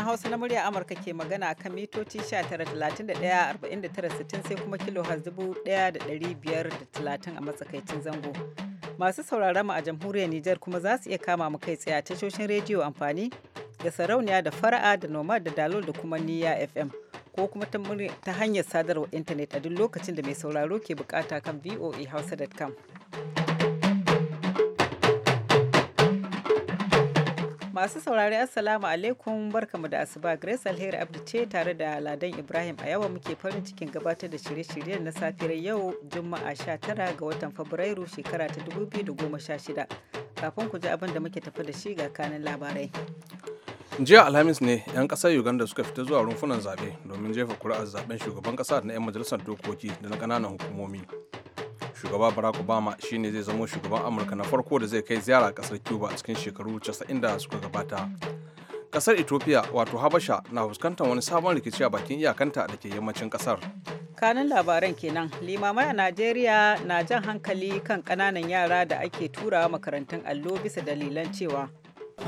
sashen Hausa na murya Amurka ke magana kan mitoci 19,31,49,60 sai kuma kilo talatin a matsakaicin zango. Masu sauraron mu a jamhuriyar Nijar kuma za su iya kama mu kai tsaye a tashoshin rediyo amfani da sarauniya da fara'a da noma da dalol da kuma niya FM ko kuma ta hanyar sadarwa intanet a duk lokacin da mai sauraro ke bukata kan voahausa.com. Masu saurari Assalamu alaikum barkamu da asuba Grace Alheri Abdu ce tare da Ladan Ibrahim a yawa muke farin cikin gabatar da shirye-shiryen na safiyar yau Juma'a 19 ga watan Fabrairu shekara ta 2016. Kafin ku ji abin da muke tafi da shi ga kanin labarai. jiya alhamis ne 'yan kasar uganda suka fita zuwa rumfunan zaɓe domin jefa kuri'ar zaben shugaban kasa na 'yan majalisar dokoki da na kananan hukumomi shugaba barack obama shine zai zamo shugaban amurka na farko da zai kai ziyara kasar cuba cikin shekaru 90 da suka gabata kasar ethiopia wato habasha na fuskantar wani sabon rikici a bakin iyakanta da ke yammacin kasar kanun labaran kenan limamai a najeriya na jan hankali kan kananan yara da ake turawa makarantun allo bisa dalilan cewa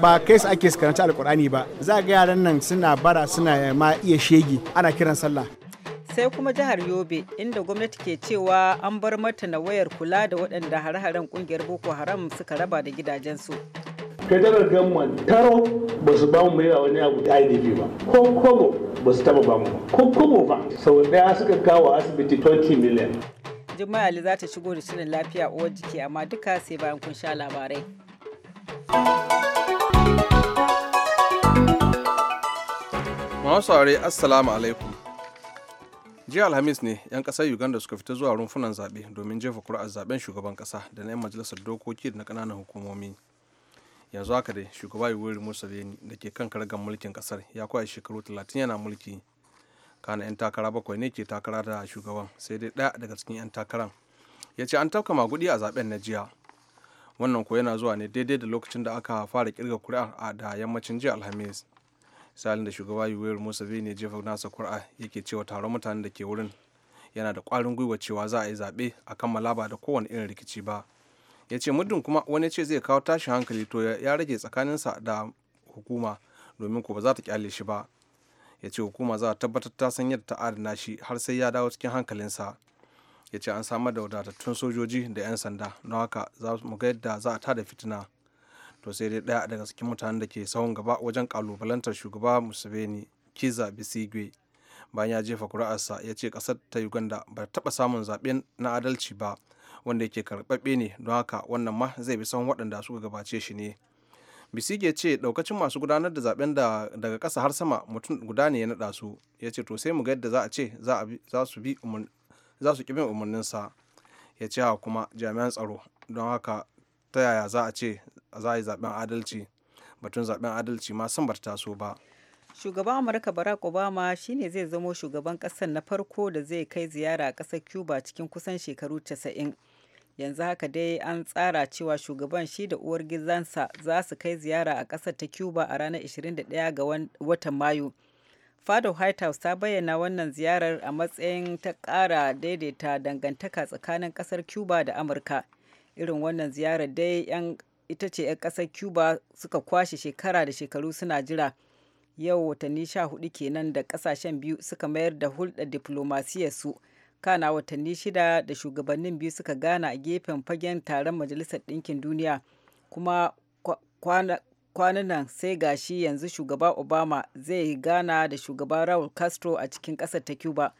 ba kai su ake karanta alkurani ba za ga yaran nan suna bara suna eh, ma iya shege ana kiran sallah sai kuma jihar yobe inda gwamnati ke cewa an bar mata na wayar kula da waɗanda hare-haren ƙungiyar boko haram suka raba da gidajensu federal gamman taro ba su bamu mai wani abu da idp ba ko kobo ba su taba bamu ba ko kobo ba sau daya suka kawo asibiti 20 million jimai ali za ta shigo da shirin lafiya uwar jiki amma duka sai bayan kun sha labarai Masu assalamu alaikum jiya alhamis ne 'yan kasar uganda suka fita zuwa rumfunan zaɓe domin jefa kuri'ar zaɓen shugaban kasa da na 'yan majalisar dokoki da na kananan hukumomi yanzu haka dai shugaba musa museveni da ke kan karagar mulkin kasar ya kwaya shekaru talatin yana mulki kana 'yan takara bakwai ne ke takara da shugaban sai dai ɗaya daga cikin 'yan takaran ya ce an tafka magudi a zaɓen na jiya wannan ko yana zuwa ne daidai da lokacin da aka fara kirga kuri'a a da yammacin jiya alhamis salin da shugaba yuwayar museveni ne jefa nasa kur'a yake cewa taron mutanen da ke wurin yana da kwarin gwiwa cewa za a yi zaɓe a kammala ba da kowane irin rikici ba ya ce muddin kuma wani ce zai kawo tashin hankali to ya rage tsakaninsa da hukuma domin ko ba za ta kyale shi ba ya ce hukuma za a tabbatar ta san yadda ta adana shi har sai ya dawo cikin hankalinsa ya ce an samar da wadatattun sojoji da 'yan sanda don haka za mu ga yadda za a tada fitina to sai dai ɗaya daga cikin mutanen da ke sahun gaba wajen kalubalantar shugaba museveni kiza bisigwe bayan ya jefa kuri'arsa ya ce ƙasar ta uganda ba ta taba samun zaɓen na adalci ba wanda yake karɓaɓɓe ne don haka wannan ma zai bi sahun waɗanda suka gabace shi ne bisige ce ɗaukacin masu gudanar da zaɓen da daga ƙasa har sama mutum guda ne ya naɗa su ya ce to sai mu ga yadda za a ce za su bi za su ƙi bin umarninsa ya ce kuma jami'an tsaro don haka ta yaya za a ce za a yi zaɓen adalci batun zaɓen adalci ma sun barta taso ba shugaban amurka barack obama shine zai zamo shugaban ƙasar na farko da zai kai ziyara a ƙasar cuba cikin kusan shekaru 90 yanzu haka dai an tsara cewa shugaban shi da uwar gizansa za su kai ziyara a ƙasar ta cuba a ranar 21 ga watan mayu fado white house ta bayyana wannan ziyarar a matsayin ta ƙara daidaita dangantaka tsakanin ƙasar cuba da amurka irin wannan ziyarar dai 'yan ita ce 'yar ƙasar cuba suka kwashe shekara da shekaru suna jira yau watanni sha hudu kenan da ƙasashen biyu suka mayar da hulɗar diflomasiyarsu kana watanni shida da shugabannin biyu suka gana a gefen fagen taron majalisar ɗinkin duniya kuma kwanan nan sai gashi yanzu shugaba obama zai gana da shugaba raul castro a cikin ƙasar ta cuba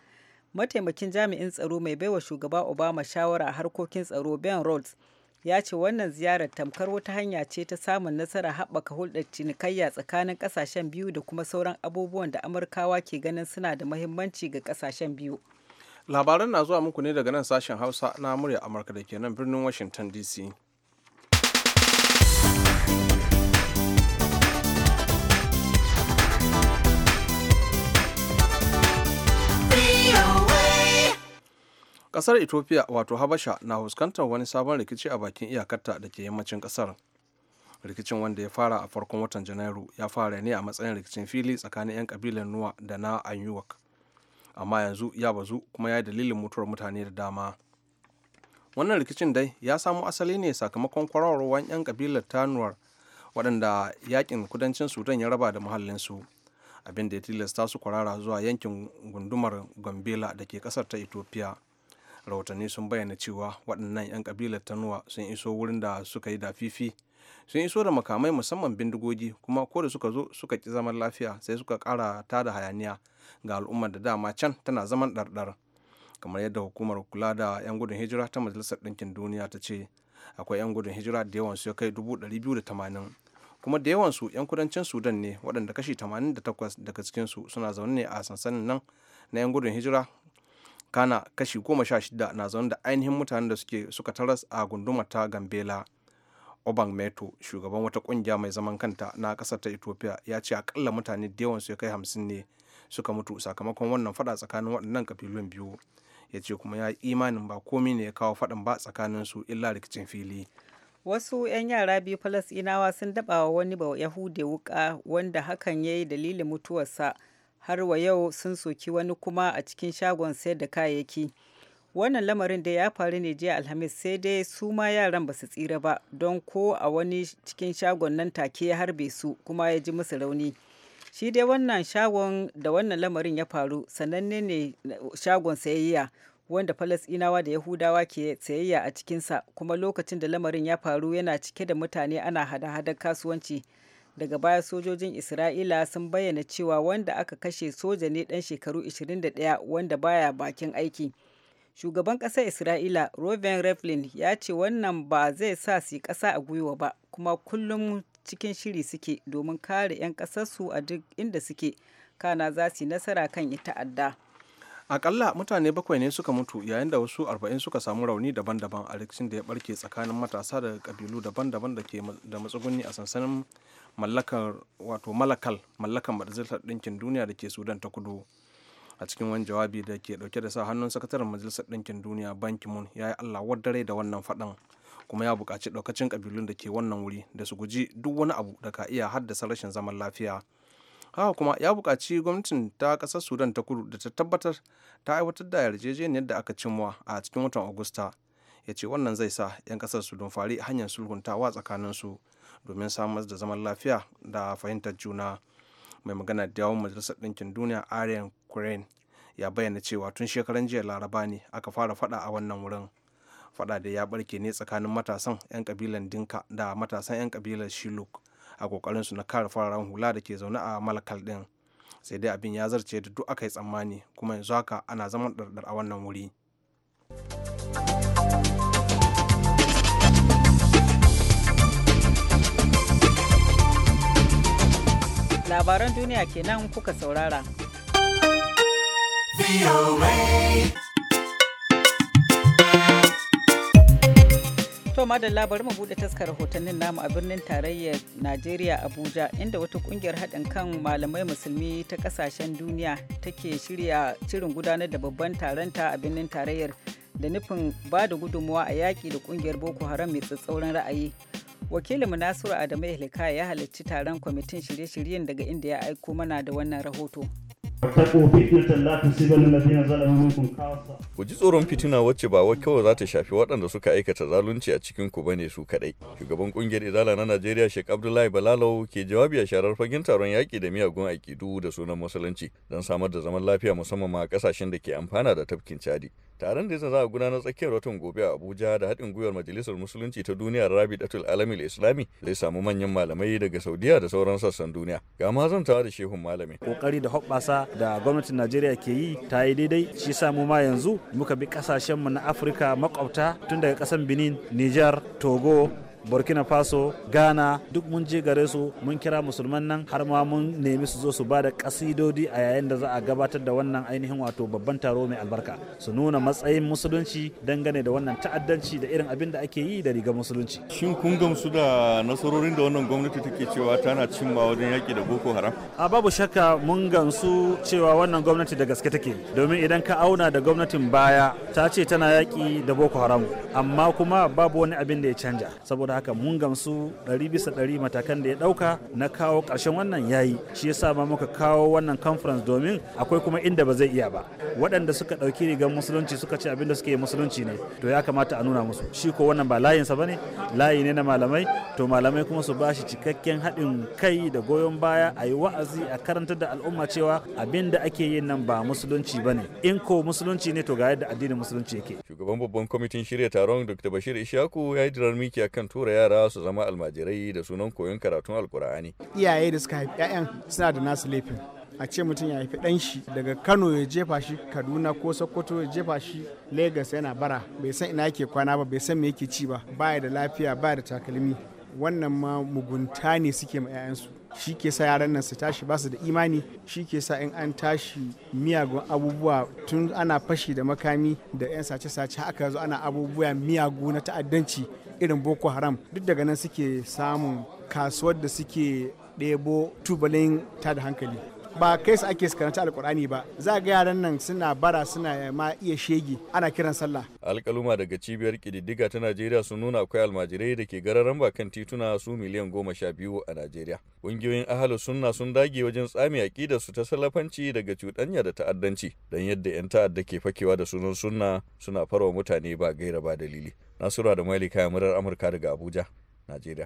mataimakin jami'in tsaro mai baiwa shugaba obama shawara a harkokin tsaro ben rhodes ya ce wannan ziyarar tamkar wata hanya ce ta samun nasara haɓaka hulɗar cinikayya tsakanin ƙasashen biyu da kuma sauran abubuwan da amurkawa ke ganin suna da mahimmanci ga ƙasashen biyu labaran na zuwa muku ne daga nan sashen hausa na murya amurka da ke nan birnin washington dc kasar ethiopia wato habasha na fuskantar wani sabon rikici a bakin iyakarta da ke yammacin kasar rikicin wanda ya fara a farkon watan janairu ya fara ne a matsayin rikicin fili tsakanin 'yan kabilan nuwa da na anyuwak amma yanzu ya bazu kuma ya yi dalilin mutuwar mutane da dama wannan rikicin dai ya samo asali ne sakamakon kwararowar 'yan kabilar tanuwar waɗanda yakin kudancin sudan ya raba da muhallinsu abinda ya tilasta su kwarara zuwa yankin gundumar gombela da ke ƙasar ta ethiopia rahotanni sun bayyana cewa waɗannan 'yan kabilar tanuwa sun iso wurin da suka yi dafifi sun iso da makamai musamman bindigogi kuma ko da suka zo suka ki zaman lafiya sai suka ƙara da hayaniya ga al'ummar da dama can tana zaman ɗarɗar kamar yadda hukumar kula da 'yan gudun hijira ta majalisar ɗinkin duniya ta ce akwai 'yan gudun hijira da yawansu ya kai 280 kuma da yawan su 'yan kudancin sudan ne waɗanda kashi da 88 daga cikinsu suna zaune ne a sansanin nan na 'yan gudun hijira kana kashi goma sha shida na zaune da ainihin mutanen da suke suka taras a gundumar ta gambela obang meto shugaban wata kungiya mai zaman kanta na kasar ta ethiopia ya ce akalla mutane da yawan su ya kai hamsin ne suka mutu sakamakon wannan fada tsakanin waɗannan kabilun biyu ya ce kuma ya yi imanin ba komi ne ya kawo faɗin ba tsakanin su illa rikicin fili wasu 'yan yara biyu falasɗinawa sun daɓawa wani ba yahude wuka wanda hakan ya yi dalilin mutuwarsa har wa yau sun soki wani kuma a cikin shagon sayar da kayayyaki wannan lamarin da ya faru ne jiya alhamis sai dai su ma yaran ba su tsira ba don ko a wani cikin shagon nan take ya harbe su kuma ya ji musu rauni shi dai wannan shagon da wannan lamarin ya faru sananne ne shagon sayayya wanda falasɗinawa da yahudawa ke sayayya a cikinsa kuma lokacin da lamarin ya faru yana cike da mutane ana hada-hadar kasuwanci daga baya sojojin isra'ila sun bayyana cewa wanda aka kashe soja ne dan shekaru 21 wanda baya bakin aiki shugaban ƙasar isra'ila roven revlin ya ce wannan ba zai sa su ƙasa a gwiwa ba kuma kullum cikin shiri suke domin kare 'yan ƙasarsu a duk inda suke kana za su yi nasara kan ta'adda akalla mutane bakwai ne suka mutu yayin da wasu arba'in suka samu rauni daban-daban a rikicin da ya barke tsakanin matasa daga kabilu daban-daban da ke da matsuguni a sansanin mallakar wato malakal mallakar majalisar ɗinkin duniya da ke sudan ta kudu a cikin wani jawabi da ke dauke da sa hannun sakataren majalisar ɗinkin duniya banki mun ya yi allah wadare da wannan faɗan kuma ya buƙaci ɗaukacin kabilun da ke wannan wuri da su guji duk wani abu da ka iya haddasa rashin zaman lafiya haka kuma ya buƙaci gwamnatin ta ƙasar sudan ta kudu da ta tabbatar ta aiwatar da yarjejeniyar da aka cimma a cikin watan agusta ya ce wannan zai sa 'yan ƙasar su fari hanyar sulhuntawa tsakanin su domin samar da zaman lafiya da fahimtar juna mai magana da yawon majalisar ɗinkin duniya aryan crane ya bayyana cewa tun shekaran jiya laraba ne aka fara fada a wannan wurin fada da ya barke ne tsakanin matasan 'yan kabilan dinka da matasan 'yan kabilar shiluk a kokarin su na kare fararen hula da ke zaune a malakal din sai dai abin ya zarce da duk aka yi tsammani kuma yanzu haka ana zama ɗarɗar a wannan wuri labaran duniya kenan kuka saurara To madalla bari mu bude taskar rahotannin namu a birnin tarayyar Najeriya Abuja inda wata kungiyar haɗin kan malamai musulmi ta ƙasashen duniya take shirya shirin gudanar da babban taronta a birnin tarayyar da nufin ba da gudunmuwa a yaƙi da kungiyar Boko Haram mai tsatsauran ra'ayi. Wakilinmu Nasiru Adamu Ihlika ya halarci taron kwamitin shirye-shiryen daga inda ya aiko mana da wannan rahoto. Ku ji tsoron fitina wacce ba wa kawai za ta shafi waɗanda suka aikata zalunci a cikin ku bane su kaɗai. Shugaban ƙungiyar Izala na Najeriya Sheikh Abdullahi Balalau ke jawabi a sharar fagen taron yaƙi da miyagun aƙidu da sunan musulunci don samar da zaman lafiya musamman ma a ƙasashen da ke amfana da tafkin Chadi. taron da za a gudanar tsakiyar watan gobe a abuja da haɗin gwiwar majalisar musulunci ta duniya rabi rabidatul alamil islami zai samu manyan malamai daga saudiya da sauran sassan duniya ga ma zantawa da shehun malami kokari da hoɓɓasa da gwamnatin najeriya ke yi ta yi daidai shi sa mu ma yanzu muka bi kasashenmu na afirka makwabta tun daga ƙasan benin niger togo burkina faso ghana duk mun je gare su mun kira musulman nan har ma mun nemi su zo su ba da kasidodi a yayin da za a gabatar da wannan ainihin wato babban taro mai albarka su nuna matsayin musulunci dangane da wannan ta'addanci da irin abin da ake yi da rigar musulunci shin kun gamsu da nasarorin da wannan gwamnati take cewa tana cimma wajen yaki da boko haram a babu shakka mun gamsu cewa wannan gwamnati da gaske take domin idan ka auna da gwamnatin baya ta ce tana yaki da boko haram amma kuma babu wani abin da ya canja saboda saboda haka mun gamsu ɗari bisa ɗari matakan da ya ɗauka na kawo ƙarshen wannan yayi shi yasa ma muka kawo wannan conference domin akwai kuma inda ba zai iya ba waɗanda suka ɗauki rigar musulunci suka ce abinda suke musulunci ne to ya kamata a nuna musu shi ko wannan ba layinsa ba ne layi ne na malamai to malamai kuma su ba shi cikakken haɗin kai da goyon baya a yi wa'azi a karantar da al'umma cewa abinda ake yin nan ba musulunci ba ne in ko musulunci ne to ga yadda addinin musulunci yake shugaban babban kwamitin shirya taron dr bashir ishaku ya yi jirar miki akan tuwo tura yara su zama almajirai da sunan koyon karatun alkur'ani iyaye da suka haifi 'ya'yan suna da nasu laifin a ce mutum ya haifi ɗan shi daga kano ya jefa shi kaduna ko sokoto ya jefa shi lagos yana bara bai san ina yake kwana ba bai san me yake ci ba baya da lafiya baya da takalmi wannan ma mugunta ne suke ma 'ya'yansu shi ke sa yaran nan su tashi basu da imani shi ke sa in an tashi miyagun abubuwa tun ana fashi da makami da 'yan sace-sace haka zo ana abubuwa miyagu na ta'addanci irin boko haram duk daga nan suke samun kasuwar da suke ɗebo tubalin ta da hankali ba kai su ake karanta alkur'ani ba za ga yaran nan suna bara suna eh, ma iya shege ana kiran sallah alkaluma daga cibiyar kididdiga ta najeriya sun nuna akwai almajirai da ke gararan bakan tituna su miliyan goma sha biyu a najeriya ƙungiyoyin ahalu sunna sun dage wajen tsami aƙidar su ta salafanci daga cuɗanya da ta'addanci don yadda 'yan ta'adda ke fakewa da sunan sunna suna farawa mutane ba gaira ba dalili nasura da mailika kaya murar amurka daga abuja najeriya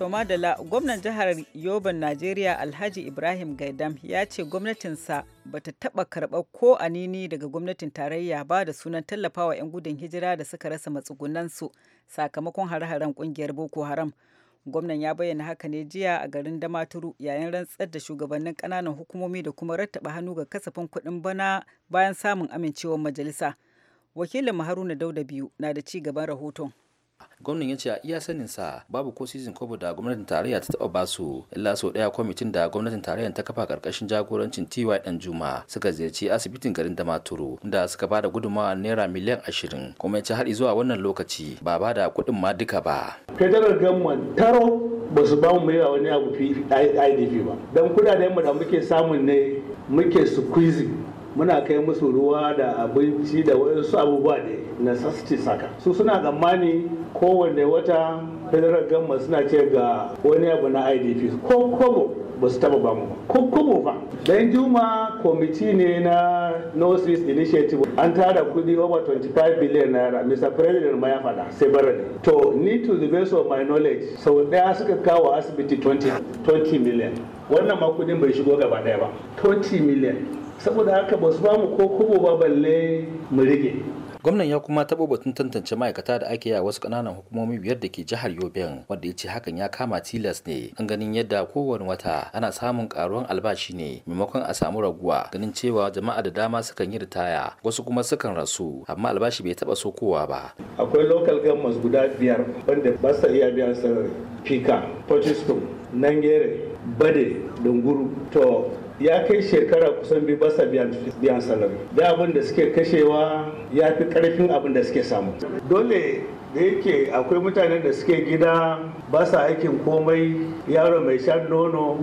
To Madala, gwamnan jihar Yoban Najeriya Alhaji Ibrahim Gaidam ya ce gwamnatinsa ba ta taɓa karɓar ko anini daga gwamnatin tarayya ba da sunan tallafawa 'yan gudun hijira da suka rasa matsugunansu sakamakon hare-haren ƙungiyar Boko Haram. Gwamnan ya bayyana haka ne jiya a garin Damaturu yayin rantsar da shugabannin ƙananan hukumomi da kuma rattaba hannu ga kasafin kuɗin bana bayan samun amincewar majalisa. Wakilin Haruna Dauda biyu na da ci gaban rahoton. gwamnan ya ce a iya sanin sa babu ko sizin kobo da gwamnatin tarayya ta taba su, illa sau daya kwamitin da gwamnatin Tarayya ta kafa karkashin jagorancin ty dan juma suka ziyarci asibitin garin damaturu da suka bada gudunmawa naira miliyan ashirin kuma ya ce har zuwa wannan lokaci ba ba da kuɗin ma duka ba federal government taro ba su ba mu mai wani abu idp ba don kudaden mu da muke samun ne muke squeezing muna kai musu ruwa da abinci da wasu abubuwa ne na necessity saka su suna gamani kowane wata federal gama suna ce ga wani abu na idp ko kobo ba su taba bamu mu ko kobo ba dan juma kwamiti ne na east initiative an tara kudi over 25 billion naira mr president ma ya fada sai bara ne to ni to the best of my knowledge sau daya suka kawo asibiti 20 million wannan ma kudin bai shigo gaba daya ba 20 million saboda haka ba su ba mu ko kubo ba balle mu rige gwamnan ya kuma taɓa batun tantance ma'aikata da ake yi a wasu ƙananan hukumomi biyar da ke jihar yobin wanda ya ce hakan ya kama tilas ne an ganin yadda kowane wata ana samun ƙaruwan albashi ne maimakon a samu raguwa ganin cewa jama'a da dama sukan yi ritaya wasu kuma sukan rasu amma albashi bai taɓa sokowa ba akwai local gamas guda biyar wanda ba sa iya biyan sarari fika potiskum nangere bade dunguru to ya kai shekara kusan biyu basa biyan salari da abin da suke kashewa ya fi karfin abin da suke samu dole da yake akwai mutanen da suke gida ba sa aikin komai yaro mai shan nono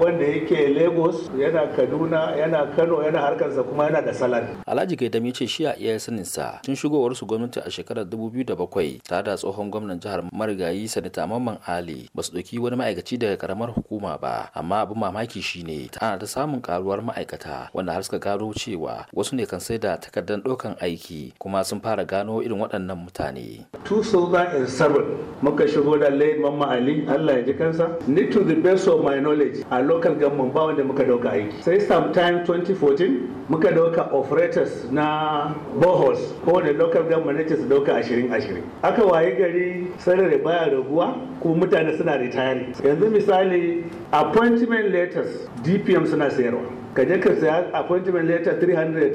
wanda yake lagos yana kaduna yana kano yana harkarsa kuma yana da salad alhaji gaidam ya ce shi a iya saninsa tun su gwamnati a shekarar 2007 tare da tsohon gwamnan jihar marigayi sanita mamman ali ba su ɗauki wani ma'aikaci daga karamar hukuma ba amma abin mamaki shine ana ta samun karuwar ma'aikata wanda har suka gano cewa wasu ne kan sai da takardar ɗaukan aiki kuma sun fara gano irin waɗannan mutane ne 2007 muka shigo da lai mamma ali allah ya ji kansa ni to the best of my knowledge a local government ba wanda muka dauka aiki sai sometime 2014 muka dauka operators na boholes ko da local government su dauka 20-20 aka waye gari sarare baya raguwa ko mutane suna ritayari yanzu misali appointment letters dpm suna sayarwa ka je ka saya appointment letter 300,000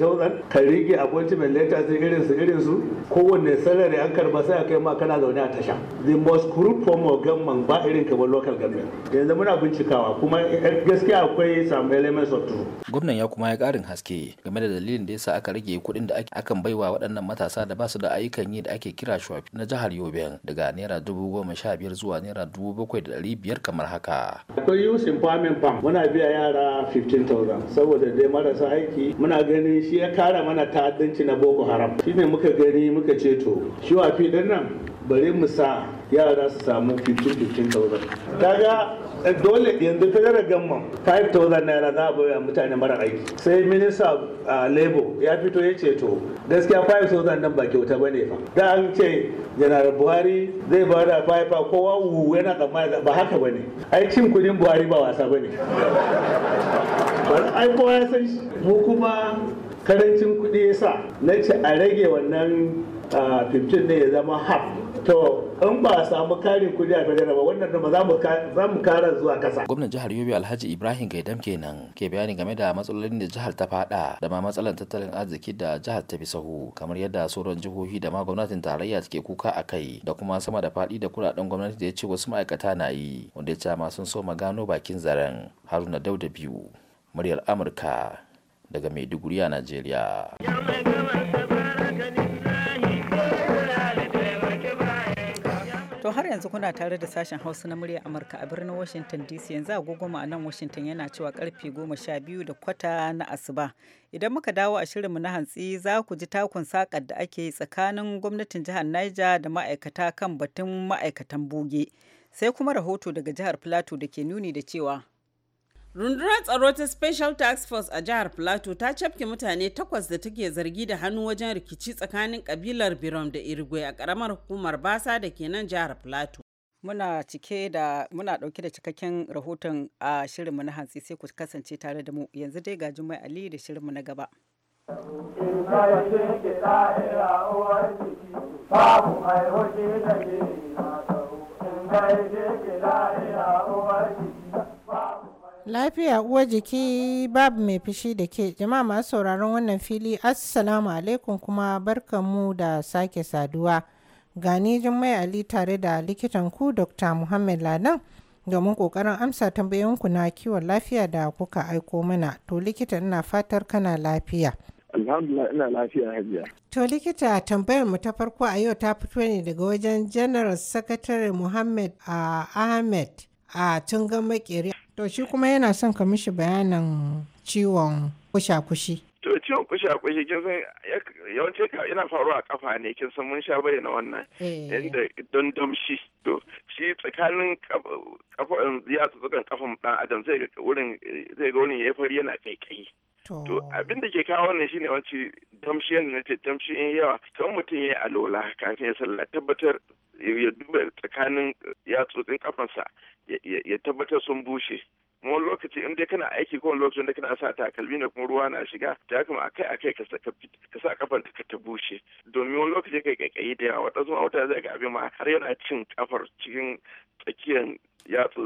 ka rike appointment letter sai irin su irin su kowanne salary an karba sai a kai ma kana zaune a tasha the most corrupt form of government ba irin kamar local government yanzu muna bincikawa kuma gaskiya akwai some elements of truth gwamnan ya kuma ya karin haske game da dalilin da yasa aka rage kuɗin da akan baiwa waɗannan matasa da ba su da ayyukan yi da ake kira shuwafi na jihar Yobe daga naira dubu goma sha biyar zuwa naira dubu bakwai da ɗari biyar kamar haka. Akwai youth empowerment fund muna biya yara 15,000 saboda dai marasa aiki muna ganin shi ya kara mana ta'addanci na boko haram Shi ne muka gani muka ce to shi wa nan bari mu sa yara su samu 15,000 kaga eh, dole yanzu ta gara gamma 5,000 naira za a bayar mutane mara aiki sai minista uh, Lebo ya fito ya ce to gaskiya 5,000 nan ba kyauta ba ne fa da an ce janar buhari zai ba da faifa kowa wuwu yana tsammani ba haka ba ne ai cin kudin buhari ba wasa ba ne wani aiko ya san shi mu kuma karancin kuɗi ya sa na ce a rage wannan 15 ne ya zama half to in ba a samu kare kuɗi a fadara ba wannan ba za mu kara zuwa kasa. gwamnan jihar yobe alhaji ibrahim gaidam kenan ke bayani game da matsalolin da jihar ta fada da ma matsalar tattalin arziki da jihar ta fi sahu kamar yadda sauran jihohi da ma gwamnatin tarayya take kuka a kai da kuma sama da fadi da kuɗaɗen gwamnati da ya ce wasu ma'aikata na yi wanda ya ce ma sun so gano bakin zaren haruna dauda biyu muryar amurka daga maiduguri a nigeria. To har yanzu kuna tare da sashen Hausa na murya Amurka a birnin Washington DC yanzu agogoma a nan Washington yana cewa karfe goma sha biyu da kwata na asuba. Idan muka dawo a shirinmu na hantsi za ku ji takun sakar da ake yi tsakanin gwamnatin jihar Niger da ma'aikata kan batun ma'aikatan buge Sai kuma rahoto daga jihar Plateau da ke nuni da cewa Rundunar tsaro ta Special Task Force a jihar Plateau ta cafke mutane takwas da take zargi da hannu wajen rikici tsakanin kabilar Birom da Irigwe a karamar hukumar Basa da ke nan jihar Plateau. Muna cike da muna dauke da cikakken rahoton a shirinmu na hantsi sai ku kasance tare da mu yanzu dai ga Jummai Ali da shirinmu na gaba. Babu mai da ke na in ke la'ira uwar jiki Lafiya uwa jiki babu mai fushi da ke jama'a masu sauraron wannan fili assalamu alaikum kuma mu da sake saduwa. Gani Jummai Ali tare da likitan ku Dr. Muhammad Ladan domin kokarin amsa tambayoyinku na kiwon lafiya da kuka aiko mana. To likita ina fatar kana lafiya. Alhamdulillah ina lafiya hajiya. To likita tambayar mu ta farko a yau ta fito ne daga wajen General Secretary Muhammad ah, Ahmed a ah, Tungan Makere To shi kuma yana son ka mishi bayanin ciwon kusha-kushi. To ciwon kusha-kushi kin san yawanci yana faruwa a kafa ne kin san mun sha na wannan inda eh. don damshi. To shi tsakanin kafa ya tsatsukan kafan dan adam zai ga wurin zai ga wurin yayi fari yana kai-kai. To abin da ke kawo wannan shine wanci damshi ne ce in yawa kan mutum ya alola kafin ya sallah tabbatar ya duba tsakanin tsotsin kafansa ya tabbatar sun bushe. kuma lokaci in dai kana aiki ko lokacin da kana sa takalmi ne kuma ruwa na shiga ta kuma akai akai ka saka ka sa kafar ka ta bushe domin wani lokaci kai kai da yawa wata zuwa wata zai ga abin ma har yana cin kafar cikin tsakiyar yatsu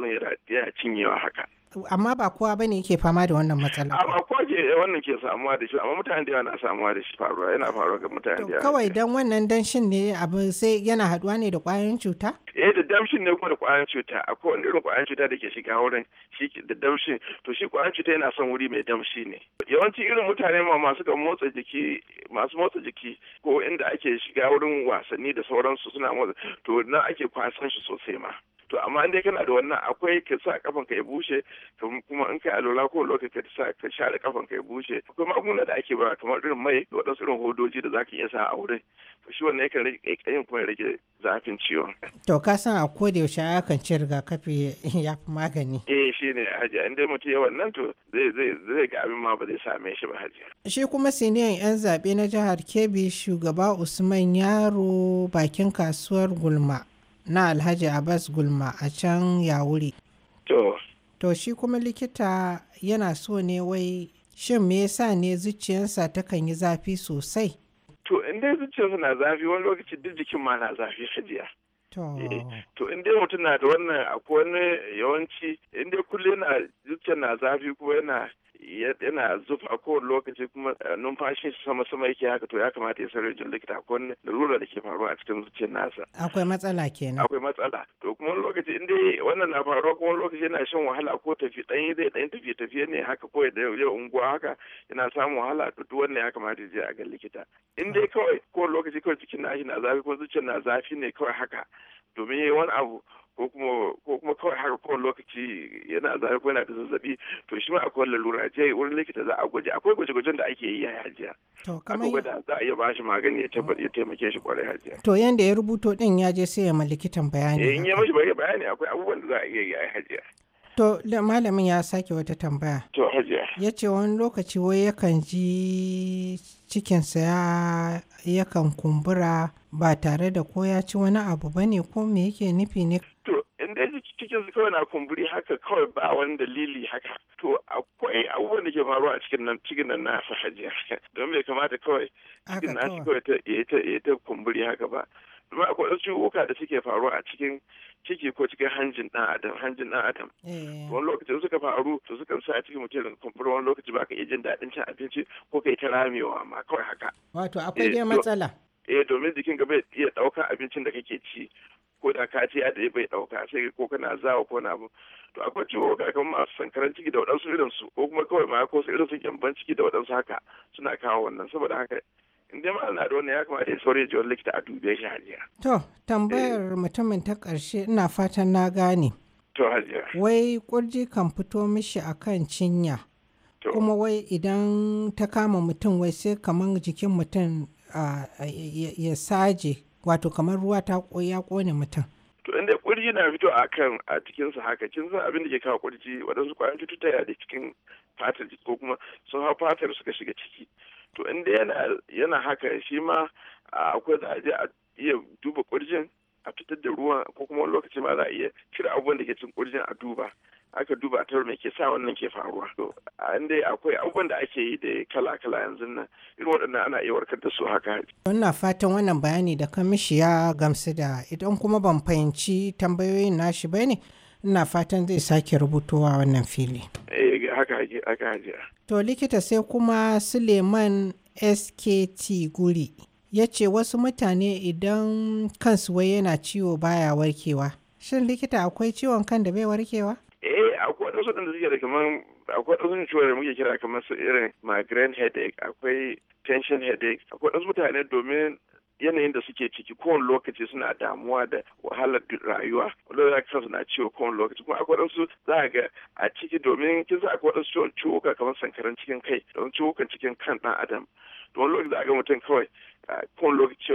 yana cinyewa haka amma ba kowa ba ne yake fama da wannan matsala amma ko ke wannan ke samuwa da shi amma mutane da yawa na samuwa da shi faruwa yana faruwa ga mutane da yawa kawai dan wannan danshin ne abu sai yana haduwa ne da kwayoyin cuta eh da damshin ne kuma da kwayoyin cuta akwai wani irin kwayoyin cuta da ke shiga wurin shi da damshin to shi kwayoyin cuta yana son wuri mai damshi ne yawanci irin mutane ma masu ga motsa jiki masu motsa jiki ko inda ake shiga wurin wasanni da sauransu suna motsa to na ake kwasan shi sosai ma to amma in dai kana da wannan akwai ka sa kafan ka ya bushe kuma in kai alola ko lokaci ka sa ka share kafan ka ya bushe akwai magunguna da ake ba kamar irin mai da wadansu irin hodoji da zaka iya sa a wurin to shi wannan yakan rage kaikayin kuma rage zafin ciwon to ka san a koda yaushe ci ci rigakafi ya fi magani eh shine hajiya in dai mutum ya wannan to zai zai zai ga abin ma ba zai same shi ba haji shi kuma siniyan yan zabe na jihar Kebbi shugaba Usman Yaro bakin kasuwar Gulma na alhaji abbas gulma a can wuri to to shi kuma likita yana so ne wai shin me yasa ne zuciyarsa takan yi zafi sosai to in dai zuciyarsa na zafi wani lokaci duk jikin ma na zafi hajiya to eh, in dai mutum na da wannan akwai wani yawanci in dai kullum yana zuciya na zafi kuma yana yana zufa a kowane lokaci kuma eh, numfashin shi sama sama yake haka to ya kamata ya sarari jin likita ko lura da ke faruwa a cikin zuciyar nasa akwai matsala kenan akwai matsala to kuma wani lokaci in dai wannan na faruwa kuma wani lokaci yana shan wahala ko tafi dan zai dan tafi tafiye ne haka ko da yau unguwa haka yana samun wahala to duk wannan ya kamata ya je a ga likita in dai kawai ko lokaci kawai cikin nashi na zafi ko zuciyar na zafi ne kawai haka domin wani abu ko kuma ko kuma kawai haka kowane lokaci yana zafi ko yana da zazzabi to shi ma akwai lalura je wurin likita za a gwaje akwai gwaje-gwajen da ake yi ya hajiya to kamar yadda za a iya ba shi magani ya tabbata ya taimake shi kwarai hajiya to yanda ya rubuto din ya je sai ya ma likitan bayani eh, in ya mashi bayani akwai abubuwan da za a iya yi ya hajiya To da malamin ya sake wata tambaya. To hajiya. Ya ce wani lokaci wai yakan ji cikinsa ya yakan kumbura ba tare da ko ya ci wani abu ba ne ko me yake nufi ne? in dai cikin kawai na kumburi haka kawai ba wani dalili haka to akwai abubuwan da ke faruwa a cikin nan cikin nan nasu hajiya don bai kamata kawai cikin nasu kawai ya ta kumburi haka ba kuma akwai wasu ciwuka da suke faruwa a cikin ciki ko cikin hanjin ɗan adam hanjin ɗan adam eh. wani lokaci suka faru to suka sa a cikin mutum da wani lokaci ba ka iya jin daɗin cin abinci ko ka yi ta ramewa ma kawai haka wato akwai eh, dai matsala eh domin jikin gaba ya iya ɗaukar abincin da kake ci ko da ka ce ya bai dauka sai ko kana zawa ko na abu to akwai ciwo ga kan masu sankaran ciki da waɗansu irin su ko kuma kawai ma ko su irin su ciki da waɗansu haka suna kawo wannan saboda haka in dai ma na da wannan ya kamata ya saurayi jiwon likita a dube shi hajiya. to tambayar eh. mutumin ta karshe ina fatan na gane. to hajiya. wai kurji kan fito mishi akan cinya. kuma wai idan ta kama mutum wai sai kamar jikin mutum ya saje wato kamar ruwa ta ya kone mutum to inda kurji na fito a kan a cikinsa haka kin san abin da ke kawo kurji waɗansu kwayan cututtuka da cikin fatar ko kuma sun hau fatar suka shiga ciki to inda yana haka shi ma akwai da aje a iya duba kurjin a fitar da ruwa ko kuma wani lokaci ma za a iya cire abubuwan da ke cin kurjin a duba aka duba a me ke sa wannan ke faruwa an dai akwai abubuwan da ake yi da kala kala yanzu nan irin waɗannan ana iya warkar da su haka wannan fatan wannan bayani da kamishiya ya gamsu da idan kuma ban fahimci tambayoyin nashi ba ne ina fatan zai sake rubutowa wannan fili eh, haka haka to likita sai kuma suleiman skt guri ya ce wasu mutane idan kansu wai yana ciwo baya warkewa shin likita akwai ciwon kan da bai warkewa akwai wasu da suke da kamar akwai wasu ciwon da muke kira kamar su irin migraine headache akwai tension headache akwai wasu mutane domin yanayin da suke ciki kowane lokaci suna damuwa da wahalar rayuwa wanda za ka suna ciwo kowane lokaci kuma akwai wadansu za ga a ciki domin kin sa akwai wadansu ciwon ciwuka kamar sankaran cikin kai da ciwukan cikin kan dan adam to wani lokaci za ga mutum kawai kowane lokaci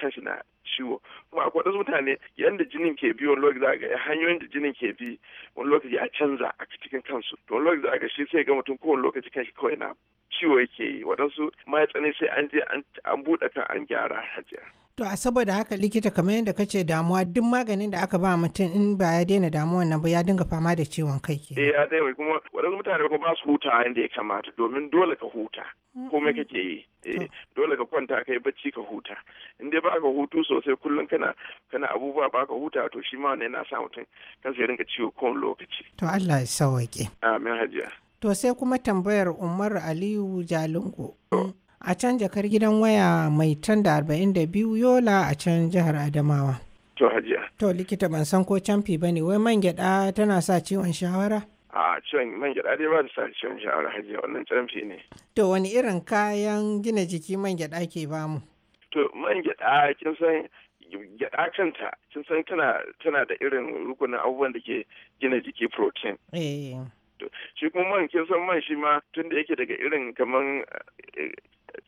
kanshi na ciwo kuma akwai wasu mutane yadda jinin ke bi wani lokaci za ga hanyoyin da jinin ke bi wani lokaci a canza a cikin kansu to wani lokaci za ga shi sai ga mutum kowane lokaci kanshi kawai na ciwo yake yi waɗansu ma tsani sai an je an buɗe kan an gyara hajiya. To a saboda haka likita kamar yadda ka ce damuwa duk maganin da aka ba mutum in ba ya daina damuwa nan ba ya dinga fama da ciwon kai ke. Eh ya daina kuma waɗansu mutane kuma ba su huta yadda ya kamata domin dole ka huta komai kake yi. Eh, dole ka kwanta ka yi bacci ka huta in dai ba ka hutu sosai kullum kana kana abubuwa ba ka huta to shi ma wannan yana sa mutum kan sai rinka ciwo kowane lokaci to Allah ya sauke amin hajiya to sai kuma tambayar Umar Aliyu Jalingo a can jakar gidan waya mai tan da arba'in da biyu yola a can jihar Adamawa to hajiya to likita ban san ko camfi ba ne wai man gyada tana sa ciwon shawara a cin man gyaɗa dai ba da sa ciwon shawara hajiya wannan canfi ne. To wani irin kayan gina jiki man gyaɗa ke ba mu? To man gyaɗa kin san gyaɗa kanta kin san tana tana da irin rukunin abubuwan da ke gina jiki protein. Eh. Shi kuma man kin san man shi ma tun da yake daga irin kaman eh,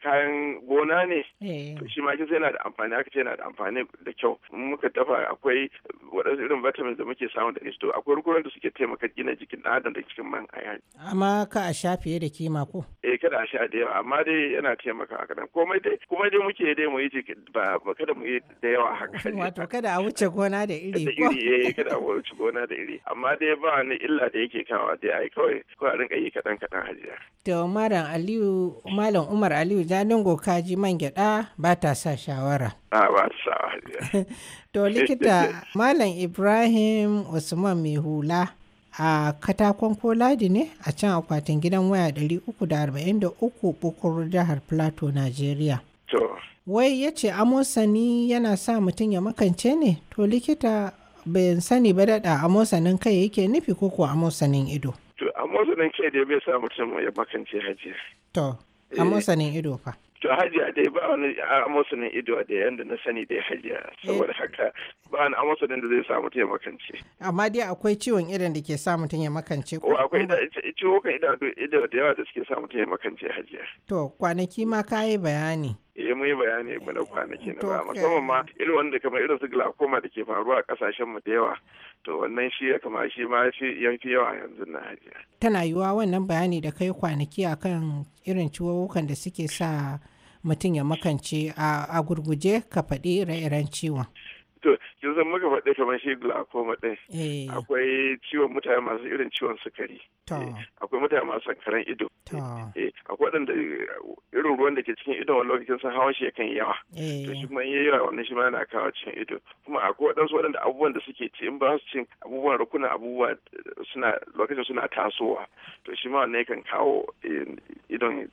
kayan gona ne eh. to shi ma kin san yana da amfani haka ce yana da amfani da kyau muka dafa akwai waɗansu irin vitamins da muke samu da to akwai rukunan da suke taimaka gina jikin ɗan adam da cikin man ayani. amma ka a sha fiye da kima ko. eh kada a sha da yawa amma dai yana taimakawa kaɗan, komai dai kuma dai muke dai mu yi ba kada mu yi da yawa haka. wato kada a wuce gona da iri ko. da iri eh kada a wuce gona da iri amma dai ba wani illa da yake kawa dai ai kawai ko a rinka yi kaɗan kaɗan hajiya. to malam aliyu malam umar aliyu jalingo kaji man gyaɗa ba ta sa shawara. a ba ta sa hajiya. To likita Malam Ibrahim Usman mai hula a katakon koladi ne a can akwatin gidan waya 343 bukur jihar Plateau, Najeriya. Wai ya ce amosani yana sa mutum ya makance ne? To likita bai sani ba daɗa amosanin kai yake nufi ko kuwa amosanin ido. To amosanin kai da bai sa mutum ya makance hajiya. To eh. amosanin ido fa. to hajiya dai ba wani amosunin ido da yanda na sani dai hajiya saboda eh. haka ba wani amosunin da zai sa mutum ya makance amma dai akwai ciwon irin da ke sa mutum ya makance ko akwai ciwo kan ido da yawa da suke sa mutum ya makance hajiya to kwanaki ma ka yi bayani ya eh, mu yi bayani mu na kwanaki na ba musamman ma irin wanda kamar irin su glaucoma da ke faruwa a kasashen mu da yawa to wannan shi ya kama shi ma shi yanki yawa yanzu na hajiya tana yiwuwa wannan bayani da kai kwanaki akan irin ciwuwukan da suke sa mutum ya makance a gurguje ka faɗi ire-iren ciwon. to kin san muka faɗi kamar shi glaucoma ɗin eh. akwai ciwon mutane masu irin ciwon sukari eh, akwai mutane masu sankaran ido eh, akwai waɗanda irin ruwan da ke cikin ido wani lokacin sun hawan shi kan yawa to shi kuma yayi yawa wannan shi ma yana kawo cikin ido kuma akwai waɗansu waɗanda abubuwan da suke ci in ba su cin abubuwan rukuna abubuwa suna lokacin suna tasowa to shi ma wannan kan kawo idon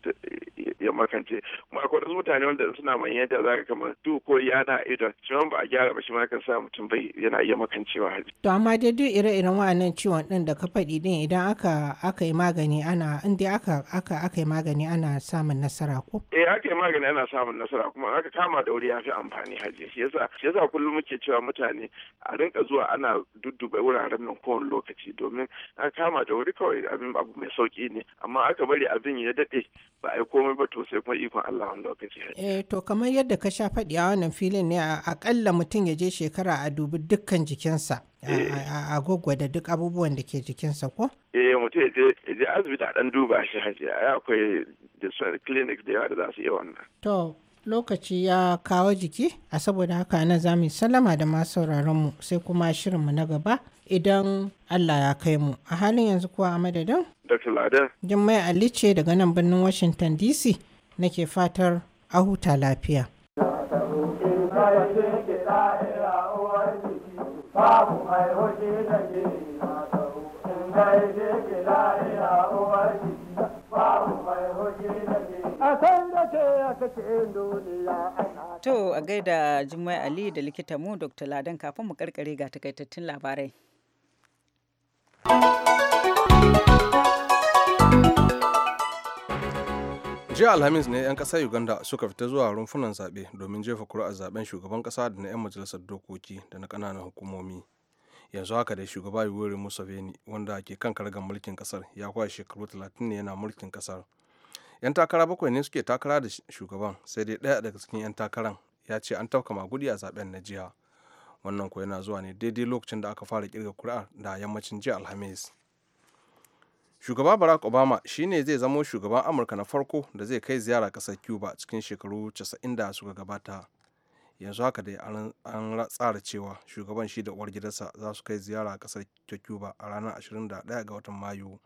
ya makance kuma akwai waɗansu mutane wanda suna manyanta zaka kamar duk ko yana idon shi ma ba a gyara ba shi ma kan sa mutum bai yana iya cewa hali. To amma dai duk ire-iren wa'annan ciwon din da ka faɗi din idan aka aka yi magani ana in dai aka aka aka yi magani ana samun nasara ko? Eh aka yi magani ana samun nasara kuma aka kama da wuri ya fi amfani haji shi yasa shi yasa kullum muke cewa mutane a rinka zuwa ana dudduba wuraren nan kowane lokaci domin aka kama da wuri kawai abin abu mai sauki ne amma aka bari abin ya daɗe ba a yi komai ba to sai kuma ikon Allah wani lokaci. Eh to kamar yadda ka sha faɗi a wannan filin ne a akalla mutum ya je je shekara a dubi dukkan jikinsa a eh. da duk abubuwan da ke jikinsa ko? Eh mutum ya je asibiti a dan duba shi hajiya ya akwai da clinics da yawa da za su iya wannan. To lokaci ya kawo jiki a saboda haka na za mu sallama da masu mu sai kuma shirinmu na gaba idan Allah ya kai mu a halin yanzu kuwa a madadin? Dr. Lada. Jummai Ali ce daga nan birnin Washington DC nake fatar a huta lafiya. babu mai To a gaida Jummai Ali da likita mu Dr. Ladan kafin mu karkare ga takaitattun labarai. jiya alhamis ne 'yan kasar uganda suka fita zuwa rumfunan zaɓe domin jefa kuri'ar zaben shugaban ƙasa da na 'yan majalisar dokoki da na ƙananan hukumomi yanzu haka dai shugaba musa museveni wanda ke kan karagar mulkin kasar ya kwashe shekaru talatin ne yana mulkin kasar 'yan takara bakwai ne suke takara da shugaban sai dai ɗaya daga cikin 'yan takaran ya ce an tafka magudi a zaben na jiya wannan ko yana zuwa ne daidai lokacin da aka fara kirga kuri'ar da yammacin jiya alhamis shugaba barack obama shi ne zai zamo shugaban amurka na farko da zai kai ziyara kasar cuba cikin shekaru 90 da suka gabata yanzu haka dai an tsara cewa shugaban shi da uwar gidansa za su kai ziyara kasar cuba a ranar 21 ga watan mayu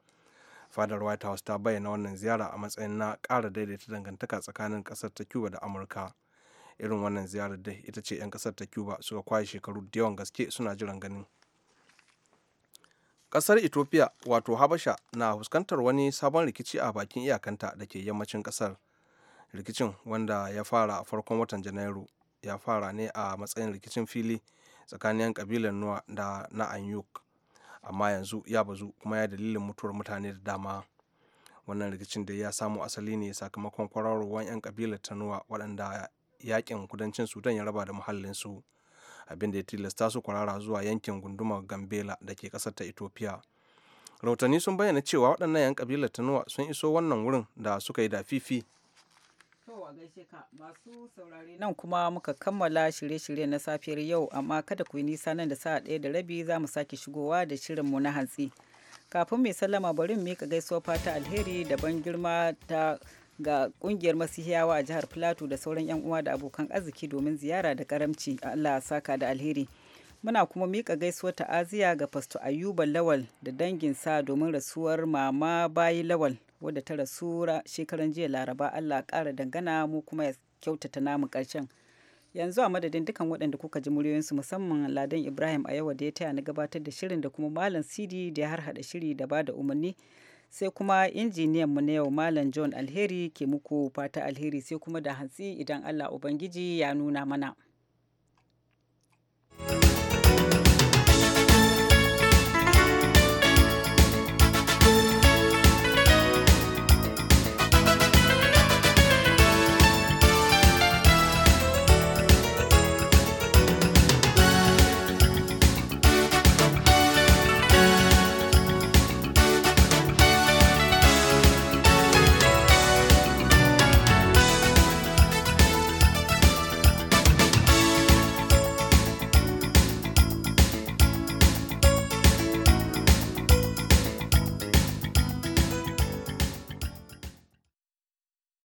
fadar white house ta bayyana wannan ziyara a matsayin na ƙara daidaita dangantaka tsakanin kasar ta cuba da amurka irin wannan ziyarar dai ita ce 'yan kasar ta cuba suka kwaye shekaru da yawan gaske suna jiran ganin kasar ethiopia wato habasha na fuskantar wani sabon rikici a bakin iyakanta da ke yammacin kasar rikicin wanda ya fara a farkon watan janairu ya fara ne a matsayin rikicin fili tsakanin yan kabilan nuwa da na anyuk amma yanzu ya bazu kuma ya dalilin mutuwar mutane da dama wannan rikicin da ya samu asali ne sakamakon kwararowar 'yan kabilar ta nuwa waɗanda yakin kudancin sudan ya raba da muhallinsu su abinda ya tilasta su kwarara zuwa yankin gundumar gambela da ke kasar ta ethiopia rahotanni sun bayyana cewa waɗannan 'yan kabilar tanuwa sun iso wannan wurin da suka yi da fifi masu saurare nan kuma muka kammala shirye-shirye na safiyar yau amma kada ku yi nisa nan da sa'a ɗaya da rabi za mu sake shigowa da shirin mu na hantsi kafin mai sallama bari mu miƙa gaisuwa fata alheri da ban girma ta ga kungiyar masihiyawa a jihar Filato da sauran 'yan uwa da abokan arziki domin ziyara da karamci Allah saka da alheri. Muna kuma miƙa gaisuwar ta'aziya ga Fasto Ayuba Lawal da dangin sa domin rasuwar Mama Bayi Lawal wadda ta rasu shekaran jiya Laraba Allah ƙara dangana mu kuma ya kyautata namu ƙarshen. yanzu a madadin dukkan waɗanda kuka ji muryoyinsu musamman ladan ibrahim a yawa da ya taya na gabatar da shirin da kuma malam sidi da ya harhaɗa shiri da bada umarni sai kuma mu na yau Malam John Alheri ke muku fata alheri sai kuma da hantsi idan Allah Ubangiji ya nuna mana.